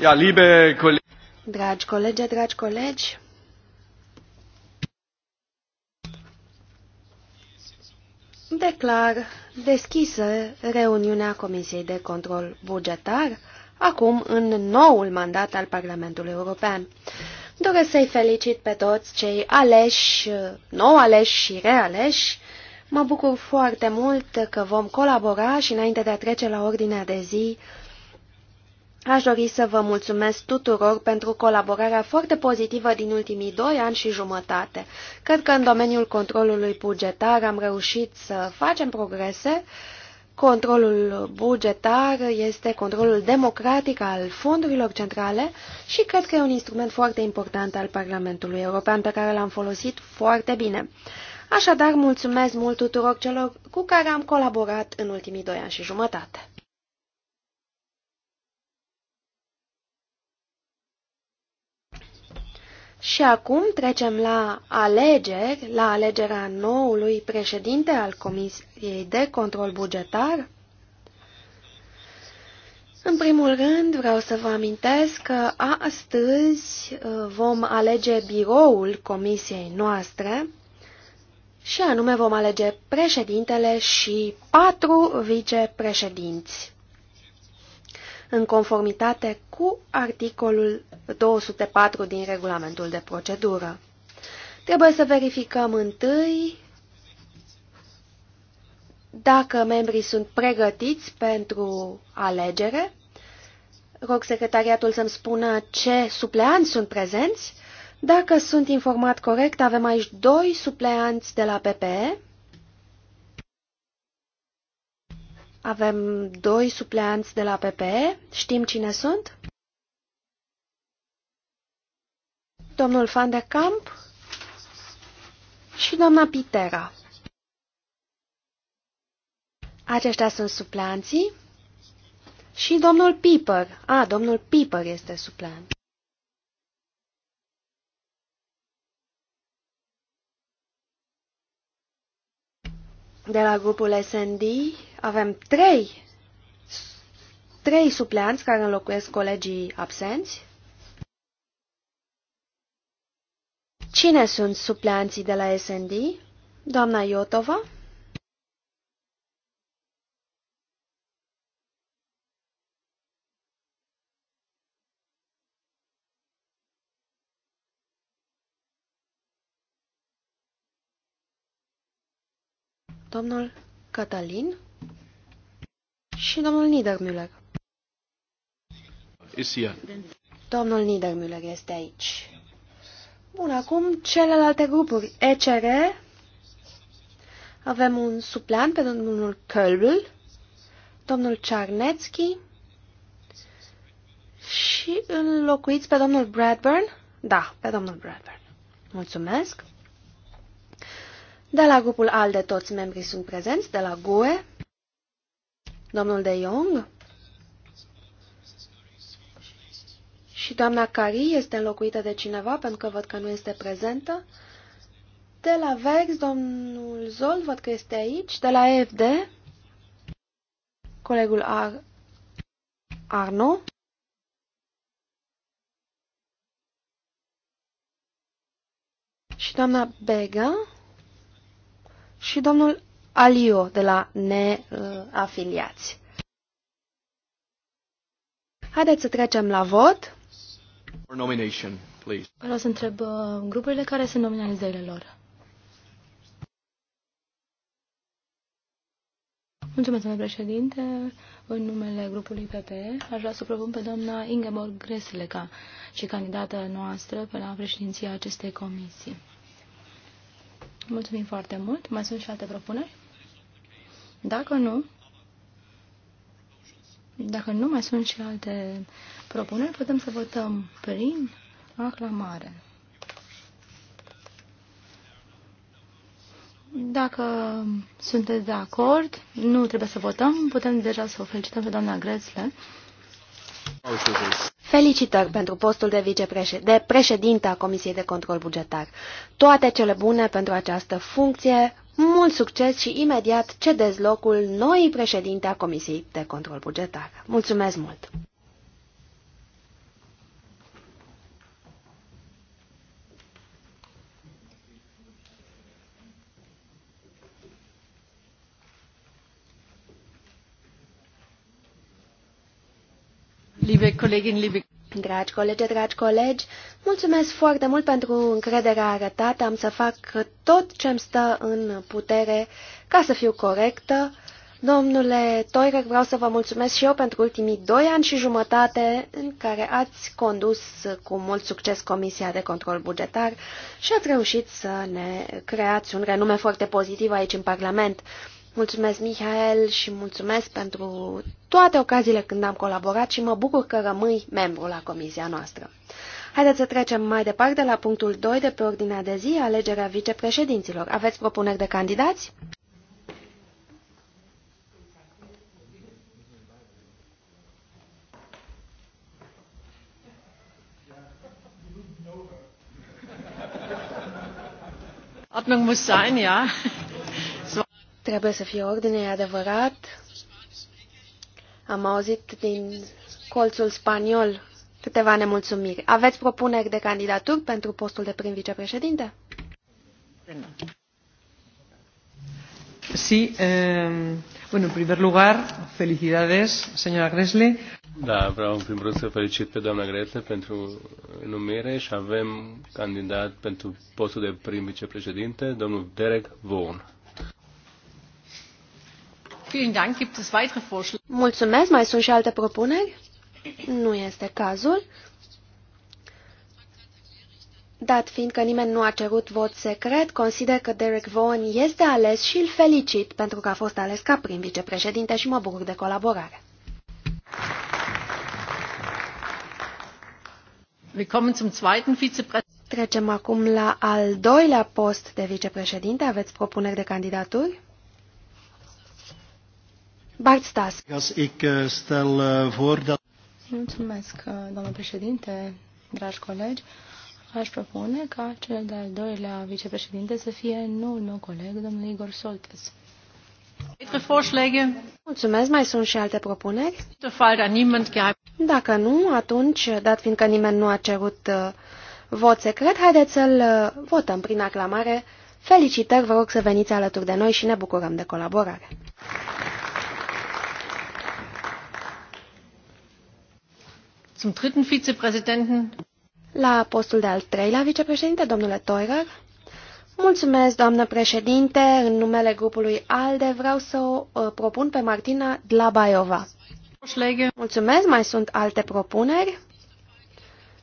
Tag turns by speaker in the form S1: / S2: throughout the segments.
S1: Ja,
S2: liebe Dragi colegi, dragi colegi, declar deschisă reuniunea Comisiei de Control Bugetar, acum în noul mandat al Parlamentului European. Doresc să-i felicit pe toți cei aleși, nou aleși și realeși, Mă bucur foarte mult că vom colabora și înainte de a trece la ordinea de zi, Aș dori să vă mulțumesc tuturor pentru colaborarea foarte pozitivă din ultimii doi ani și jumătate. Cred că în domeniul controlului bugetar am reușit să facem progrese. Controlul bugetar este controlul democratic al fondurilor centrale și cred că e un instrument foarte important al Parlamentului European pe care l-am folosit foarte bine. Așadar, mulțumesc mult tuturor celor cu care am colaborat în ultimii doi ani și jumătate. Și acum trecem la alegeri, la alegerea noului președinte al Comisiei de Control Bugetar. În primul rând, vreau să vă amintesc că astăzi uh, vom alege biroul comisiei noastre și anume vom alege președintele și patru vicepreședinți în conformitate cu articolul 204 din regulamentul de procedură. Trebuie să verificăm întâi dacă membrii sunt pregătiți pentru alegere. Rog secretariatul să-mi spună ce supleanți sunt prezenți. Dacă sunt informat corect, avem aici doi supleanți de la PPE Avem doi supleanți de la PPE. Știm cine sunt? Domnul Van de Camp și doamna Pitera. Aceștia sunt supleanții. Și domnul Piper. A, domnul Piper este supleant. De la grupul SND, avem trei, trei supleanți care înlocuiesc colegii absenți. Cine sunt supleanții de la SND? Doamna Iotova? Domnul Catalin. Și domnul Niedermüller. Domnul Niedermüller este aici. Bun, acum celelalte grupuri. ECR, avem un suplan pe domnul Kölbl, domnul Czarnecki și înlocuiți pe domnul Bradburn. Da, pe domnul Bradburn. Mulțumesc. De la grupul ALDE toți membrii sunt prezenți, de la GUE, domnul De Jong și doamna Cari este înlocuită de cineva pentru că văd că nu este prezentă. De la Vex, domnul Zol, văd că este aici. De la Fd, colegul Ar Arno. Și doamna Bega. Și domnul Alio de la neafiliați.
S1: Haideți să trecem la vot. Vreau să întreb uh, grupurile care sunt nominalizările lor. Mulțumesc, domnule președinte. În numele grupului PPE aș vrea să propun pe doamna Ingeborg Gresle ca și candidată noastră pe la președinția acestei comisii. Mulțumim foarte mult. Mai sunt și alte propuneri? Dacă nu, dacă nu mai sunt și alte propuneri, putem să votăm prin aclamare. Dacă sunteți de acord, nu trebuie să votăm, putem deja să o felicităm pe doamna Grețle.
S2: Felicitări
S1: pentru postul de, de
S2: președinte a Comisiei de Control Bugetar. Toate cele bune pentru această funcție mult succes și imediat cedez locul noii președinte a Comisiei de Control Bugetar. Mulțumesc mult! Liebe Kolleginnen, liebe Dragi colegi, dragi colegi, mulțumesc foarte mult pentru încrederea arătată. Am să fac tot ce mi stă în putere ca să fiu corectă. Domnule Toirec, vreau să vă mulțumesc și eu pentru ultimii doi ani și jumătate în care ați condus cu mult succes Comisia de Control Bugetar și ați reușit să ne creați un renume foarte pozitiv aici în Parlament. Mulțumesc, Mihael, și mulțumesc pentru toate ocaziile când am colaborat și mă bucur că rămâi membru la comisia noastră. Haideți să trecem mai departe la punctul 2 de pe ordinea de zi, alegerea vicepreședinților. Aveți propuneri de candidați?
S1: Ordnung muss sein, ja.
S2: Trebuie să fie ordine, e adevărat. Am auzit din colțul spaniol câteva nemulțumiri. Aveți propuneri de candidaturi pentru postul de prim vicepreședinte?
S1: Sí, eh, bueno, en primer lugar, felicidades, señora Gresle. Da, vreau în primul rând să felicit pe doamna Gresle pentru numire și avem candidat pentru postul de prim vicepreședinte, domnul Derek Vaughan. Mulțumesc. Mai sunt și alte
S2: propuneri? Nu este cazul. Dat fiind că nimeni nu a cerut vot secret, consider că Derek Vaughan este ales și îl felicit pentru că a fost ales ca prim vicepreședinte și mă bucur de colaborare. Trecem acum la al doilea post de vicepreședinte. Aveți propuneri de candidaturi?
S1: Bart Stas. Eh, eh, Mulțumesc, eh, domnul președinte, dragi colegi. Aș propune ca cel de-al doilea vicepreședinte să fie noul meu coleg, domnul Igor Soltes.
S2: Mulțumesc, mai sunt și alte propuneri? Dacă nu, atunci, dat fiindcă nimeni nu a cerut vot secret, haideți să-l votăm prin aclamare. Felicitări, vă rog să veniți alături de noi și ne bucurăm de colaborare.
S1: Zum dritten Vizepräsidenten.
S2: La postul de al treilea vicepreședinte, domnule Toirer. Mulțumesc, doamnă președinte. În numele grupului ALDE vreau să o ă, propun pe Martina Dlabaiova. Mulțumesc, mai sunt alte propuneri?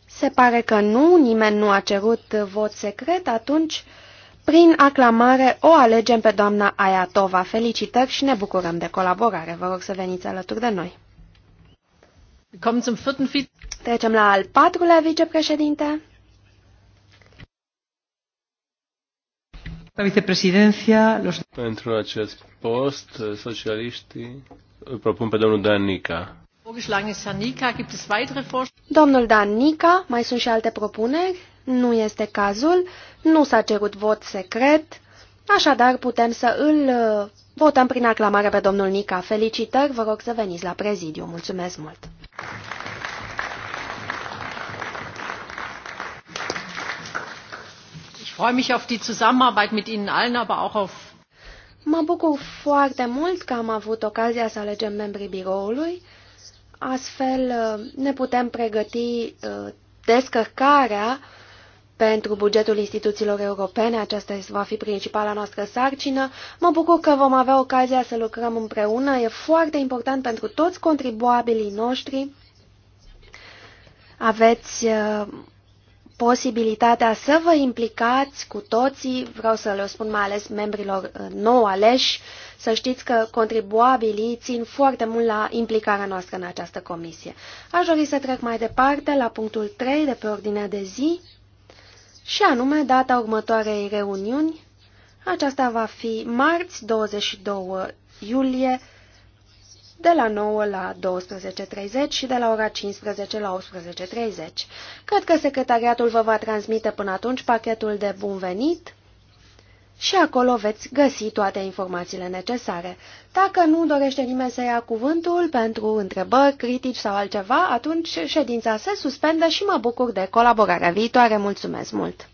S2: Se pare că nu, nimeni nu a cerut vot secret, atunci, prin aclamare, o alegem pe doamna Ayatova. Felicitări și ne bucurăm de colaborare. Vă rog să veniți alături de noi. Trecem la al patrulea vicepreședinte.
S1: La vicepreședinția, los... Pentru acest post, socialiștii îl propun pe domnul Danica.
S2: Domnul Danica, mai sunt și alte propuneri? Nu este cazul, nu s-a cerut vot secret, așadar putem să îl uh, votăm prin aclamare pe domnul Nica. Felicitări, vă rog să veniți la prezidiu. Mulțumesc mult!
S1: freue mich auf die Zusammenarbeit mit Ihnen allen, aber auch auf
S2: Mă bucur foarte mult că am avut ocazia să alegem membrii biroului. Astfel ne putem pregăti uh, descărcarea pentru bugetul instituțiilor europene. Aceasta va fi principala noastră sarcină. Mă bucur că vom avea ocazia să lucrăm împreună. E foarte important pentru toți contribuabilii noștri. Aveți uh, posibilitatea să vă implicați cu toții, vreau să le spun mai ales membrilor uh, nou aleși, să știți că contribuabilii țin foarte mult la implicarea noastră în această comisie. Aș dori să trec mai departe la punctul 3 de pe ordinea de zi, și anume data următoarei reuniuni. Aceasta va fi marți 22 iulie de la 9 la 12.30 și de la ora 15 la 18.30. Cred că secretariatul vă va transmite până atunci pachetul de bun venit și acolo veți găsi toate informațiile necesare. Dacă nu dorește nimeni să ia cuvântul pentru întrebări, critici sau altceva, atunci ședința se suspendă și mă bucur de colaborarea viitoare. Mulțumesc
S1: mult!